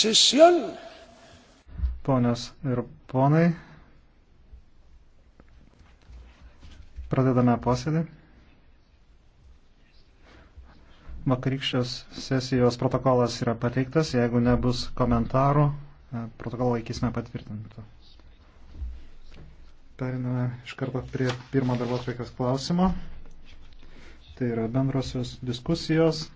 sesión. Ponios ir ponai, pradedame posėdį. Vakarykščios sesijos protokolas yra pateiktas, jeigu nebus komentarų, e, protokolą laikysime patvirtintų. Periname iš karto prie pirmo darbo klausimo. Tai yra bendrosios diskusijos